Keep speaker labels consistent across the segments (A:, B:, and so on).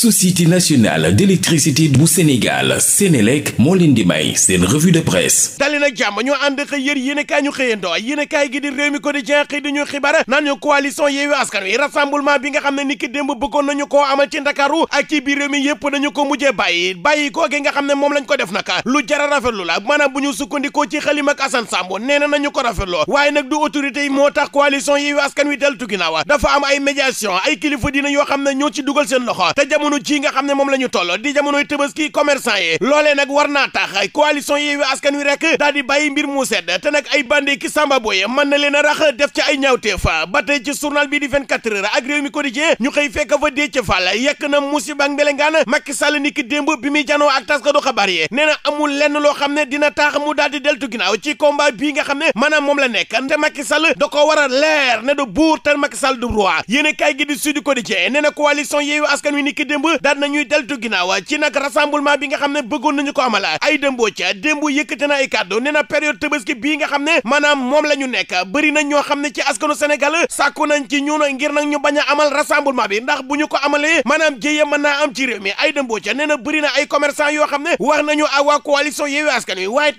A: société nationale d'électricité bu Sénégal Sénélec moo leen di may seen revue de presse dali nag jàmm ñoo ànd xëy yër yéen kaay ñu xëyandoo yéen kaay gi di réew mi quotidien xëy di ñu xibaar naan ñu coalition Yewwi Askan Wi rassemblement bi nga xam ne ni ki démb bëggoon nañu ko amal ci Ndakaaru ak ci biir réew mi yépp dañu ko mujjee bàyyi bàyyi ko gi nga xam ne moom lañ ko def naka lu jara rafetlu la maanaam bu ñu sukkandikoo ci xalim ak Assane Sambo nee na nañu ko rafetloo waaye nag du autorité yi moo tax coalition Yewwi Askan Wi deltu ginnaaw dafa am ay médiation ay kilifa dina yoo xam ne ñoo ci dugal seen loxo jamono ji nga xam ne moom la a nekk te Macky Sall da a leer ne du buur te Macky du roi yéen a kaay Sud Quotidien nee na coalition Yewwi Askan Wi ni ki démb daan nañuy deltu ginnaaw ci nag rassemblement bi nga xam ne bëggoon nañu ko amala ay dëmboo ca démb yëkkate na ay kàddu nee na période tëbaski bii xam ne maanaam moom la ñu nekk bëri nañ ñoo xam ci askanu Sénégal sàkku nañ ci ñun ngir nag ñu bañ bi ndax bu ñu ko amalee maanaam jéye mën naa am ci réew mi ay dëmboo ca nee na bëri na ay commerçant yoo xam ne wax nañu ak waa coalition Yewwi Askan Wi waaye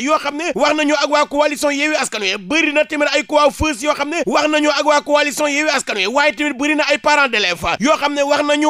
A: yoo xam ne wax nañu ak waa coalition Yewwi Askan Wi bëri na tamit ay coiffeuse yoo xam ne wax nañu ak waa coalition Yewwi Askan Wi waaye tamit bëri na ay parents d'élèves yoo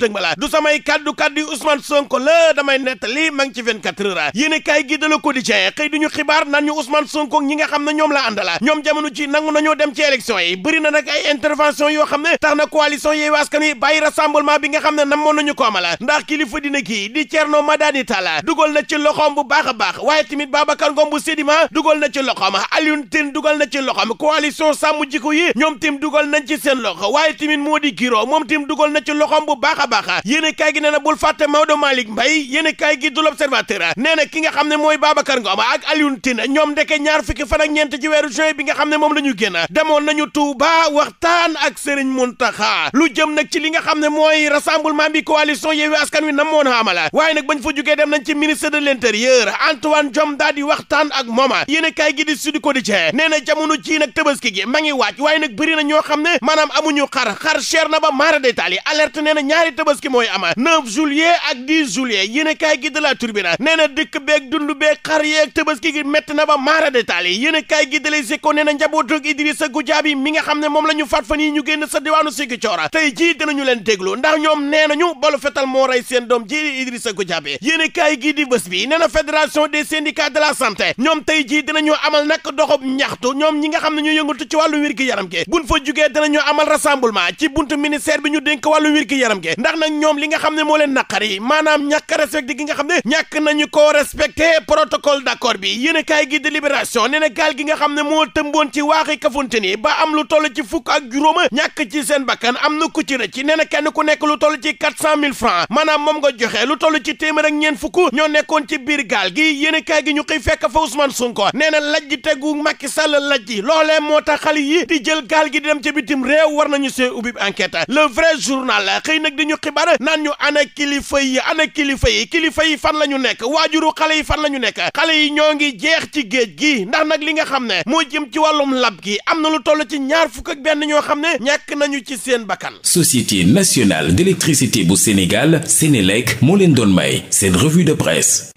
A: dëgmalaat du samay kaddu kaddu Ousmane Sonko la damay nettali ma ngi ci 24 heures ah. yéen a kaay gi ko Le Quotidien xëy ñu xibaar naan ñu Ousmane Sonko ñi nga xam ne ñoom la àndala ah. ñoom jamono ci nangu nañoo dem ci élection yi bëri na nag ay intervention yoo xam ne tax na coalition Yewwi Askan Wi bàyyi rassemblement bi nga xam ne namoon nañu ko amala ah. ndax kilifa dina kii di Thierno Madani Talla dugal na ci loxoom bu baax a baax waaye tamit Babacar Ngom bu Sedima dugal na ci loxoom Alioune Tine dugal na ci loxoom coalition sàmm jikko yi ñoom tim dugal nañ ci seen loxo waaye tamit moo di Giro moom tim dugal na ci loxoom bu baax yéene kaay gi nee na ki nga xam ne mooy Babacar Ngom ak Alioune Tine ñoom ndeke ñaar fukki fan ak ñeent weeru juin bi nga xam ne moom la ñu génn demoon nañu Touba waxtaan ak Serigne Mountakha lu jëm nag ci li nga xam ne mooy rassemblement bi coalition Yewwi Askan Wi namoon a amala waaye nag bañ fa jugee dem nañ ci ministre de l'intérieur Antoine Diome daal di waxtaan ak mooma yéene kaay gi di Sud Quotidien nee na jamono ci nag Tabaski gi ma nag bëri na xam ne maanaam amuñu xar xar na ba maara tabaski mooy ama 9 juillet ak 10 juillet yéen kaay gi de la Tribune nee na dëkk beeg dund beeg xar yeeg tabaski gi métti na ba maara détaal yi yéen kaay gi de la Seko nee na njabootu Idrissa Goudiaby mi nga xam ne moom la ñu fat fan yi ñu génn sa diwaanu Ziguinchor tey jii dinañu leen déglu ndax ñoom nee nañu balu fetal moo rey seen doom ji Idrissa Goudiaby yéen kaay gi di bés bi nee na fédération des syndicats de la santé ñoom tey jii dinañu amal nag doxob ñaxtu ñoom ñi nga xam ne ñu yëngatu ci wàllu wér gi yaram gi buñ fa jugee dinañu amal ci buntu ministère bi ñu dénk wàllu wér gi yaram gi ndax nag ñoom li nga xam ne moo leen naqari maanaam ñàkk respecté nga xam ne ñàkk nañu koo respecté protocole bi yéen kaay gi de libération nee na gaal gi nga xam ne moo tëmboon ci waaxi Kafountine ba am lu toll ci fukk ak juróoma ñàkk ci seen bakkan am na ku ci rëcc nee ku nekk lu toll ci quatre cent mille francs maanaam moom nga joxe lu toll ci téeméer ak ñeent fukk ñoo nekkoon ci biir gaal gi yéen kaay gi ñu xëy fekk fa Ousmane Sonko nee na lajj tegu Macky Sall lajj loolee moo tax xale yi di jël gaal gi di dem ci bitim réew war nañu see ubbi enquête le vrai journal xëy nag di ñu xibaar naan ñu ana kilifa yi ana kilifa yi kilifa yi fan la ñu nekk waajuru xale yi fan la ñu nekk xale yi ñoo ngi jeex ci géej gi ndax nag li nga xam ne moo jëm ci wàllum lab gi am na lu toll ci ñaar fukk ak benn ñoo xam ne ñàkk nañu ci seen bakkan. Société nationale d'électricité bu Sénégal Sénélec moo leen doon may seen revue de presse.